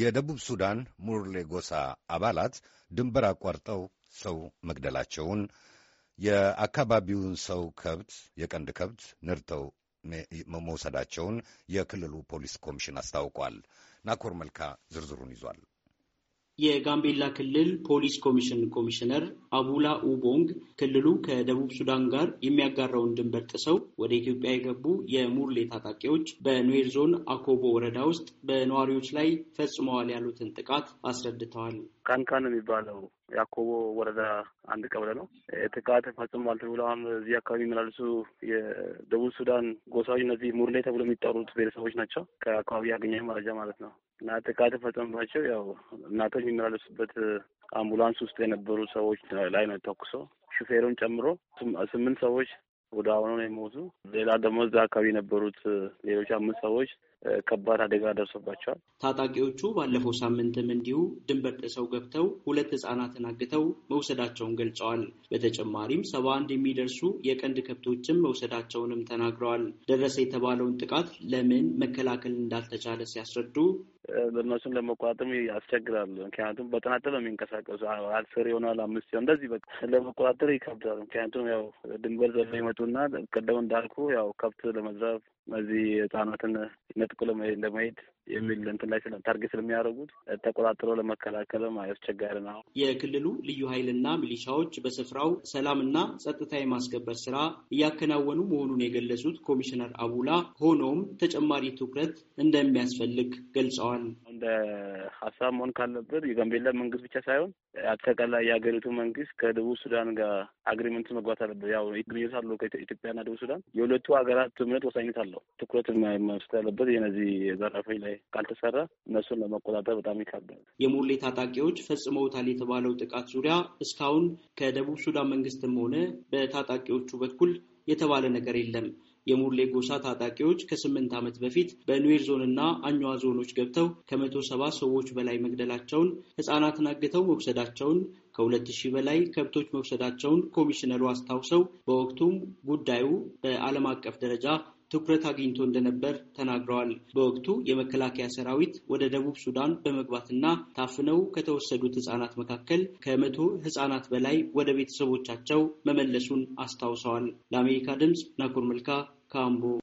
የደቡብ ሱዳን ሙርሌ ጎሳ አባላት ድንበር አቋርጠው ሰው መግደላቸውን፣ የአካባቢውን ሰው ከብት፣ የቀንድ ከብት ንርተው መውሰዳቸውን የክልሉ ፖሊስ ኮሚሽን አስታውቋል። ናኮር መልካ ዝርዝሩን ይዟል። የጋምቤላ ክልል ፖሊስ ኮሚሽን ኮሚሽነር አቡላ ኡቦንግ ክልሉ ከደቡብ ሱዳን ጋር የሚያጋራውን ድንበር ጥሰው ወደ ኢትዮጵያ የገቡ የሙርሌ ታጣቂዎች በኑዌር ዞን አኮቦ ወረዳ ውስጥ በነዋሪዎች ላይ ፈጽመዋል ያሉትን ጥቃት አስረድተዋል። ካንካን የሚባለው የአኮቦ ወረዳ አንድ ቀበሌ ነው። ጥቃት ፈጽመዋል ተብሎ አሁን እዚህ አካባቢ የሚመላልሱ የደቡብ ሱዳን ጎሳዎች እነዚህ ሙርሌ ተብሎ የሚጠሩት ብሔረሰቦች ናቸው። ከአካባቢ ያገኘ መረጃ ማለት ነው። እና ጥቃት ተፈጸመባቸው። ያው እናቶች የሚመላለሱበት አምቡላንስ ውስጥ የነበሩ ሰዎች ላይ ነው ተኩሶ ሹፌሩን ጨምሮ ስምንት ሰዎች ወደ አሁኑ ነው የሞቱ። ሌላ ደግሞ እዛ አካባቢ የነበሩት ሌሎች አምስት ሰዎች ከባድ አደጋ ደርሶባቸዋል። ታጣቂዎቹ ባለፈው ሳምንትም እንዲሁ ድንበር ጥሰው ገብተው ሁለት ሕጻናትን አግተው መውሰዳቸውን ገልጸዋል። በተጨማሪም ሰባ አንድ የሚደርሱ የቀንድ ከብቶችን መውሰዳቸውንም ተናግረዋል። ደረሰ የተባለውን ጥቃት ለምን መከላከል እንዳልተቻለ ሲያስረዱ እነሱን ለመቆጣጠም ያስቸግራል። ምክንያቱም በጥናት ነው የሚንቀሳቀሱ አስር ይሆናል አምስት ሲሆን እንደዚህ በቃ ለመቆጣጠር ይከብዳል። ምክንያቱም ያው ድንበር ዘለው ይመጡና ቀደም እንዳልኩ ያው ከብት ለመዝረፍ እነዚህ ህጻናትን ነጥቁ ለመሄድ የሚል እንትን ላይ ታርጌት ስለሚያደርጉት ተቆጣጥሮ ለመከላከልም አስቸጋሪ ነው። የክልሉ ልዩ ኃይልና ሚሊሻዎች በስፍራው ሰላምና ጸጥታ የማስከበር ስራ እያከናወኑ መሆኑን የገለጹት ኮሚሽነር አቡላ ሆኖም ተጨማሪ ትኩረት እንደሚያስፈልግ ገልጸዋል። ተናግረዋል። እንደ ሀሳብ መሆን ካለበት የጋምቤላ መንግስት ብቻ ሳይሆን አጠቃላይ የሀገሪቱ መንግስት ከደቡብ ሱዳን ጋር አግሪመንት መግባት አለበት። ያው ግንኙነት አለው ከኢትዮጵያና ደቡብ ሱዳን። የሁለቱ ሀገራት ትምህርት ወሳኝነት አለው። ትኩረት መስጠት ያለበት የነዚህ ዘራፊ ላይ ካልተሰራ እነሱን ለመቆጣጠር በጣም ይካብዳል። የሙርሌ ታጣቂዎች ፈጽመውታል የተባለው ጥቃት ዙሪያ እስካሁን ከደቡብ ሱዳን መንግስትም ሆነ በታጣቂዎቹ በኩል የተባለ ነገር የለም። የሙርሌ ጎሳ ታጣቂዎች ከስምንት ዓመት በፊት በኑዌር ዞንና አኛዋ ዞኖች ገብተው ከመቶ ሰባ ሰዎች በላይ መግደላቸውን፣ ሕፃናትን አግተው መውሰዳቸውን፣ ከሁለት ሺህ በላይ ከብቶች መውሰዳቸውን ኮሚሽነሩ አስታውሰው በወቅቱም ጉዳዩ በዓለም አቀፍ ደረጃ ትኩረት አግኝቶ እንደነበር ተናግረዋል። በወቅቱ የመከላከያ ሰራዊት ወደ ደቡብ ሱዳን በመግባትና ታፍነው ከተወሰዱት ህጻናት መካከል ከመቶ ህጻናት በላይ ወደ ቤተሰቦቻቸው መመለሱን አስታውሰዋል። ለአሜሪካ ድምፅ ናኩር መልካ ካምቦ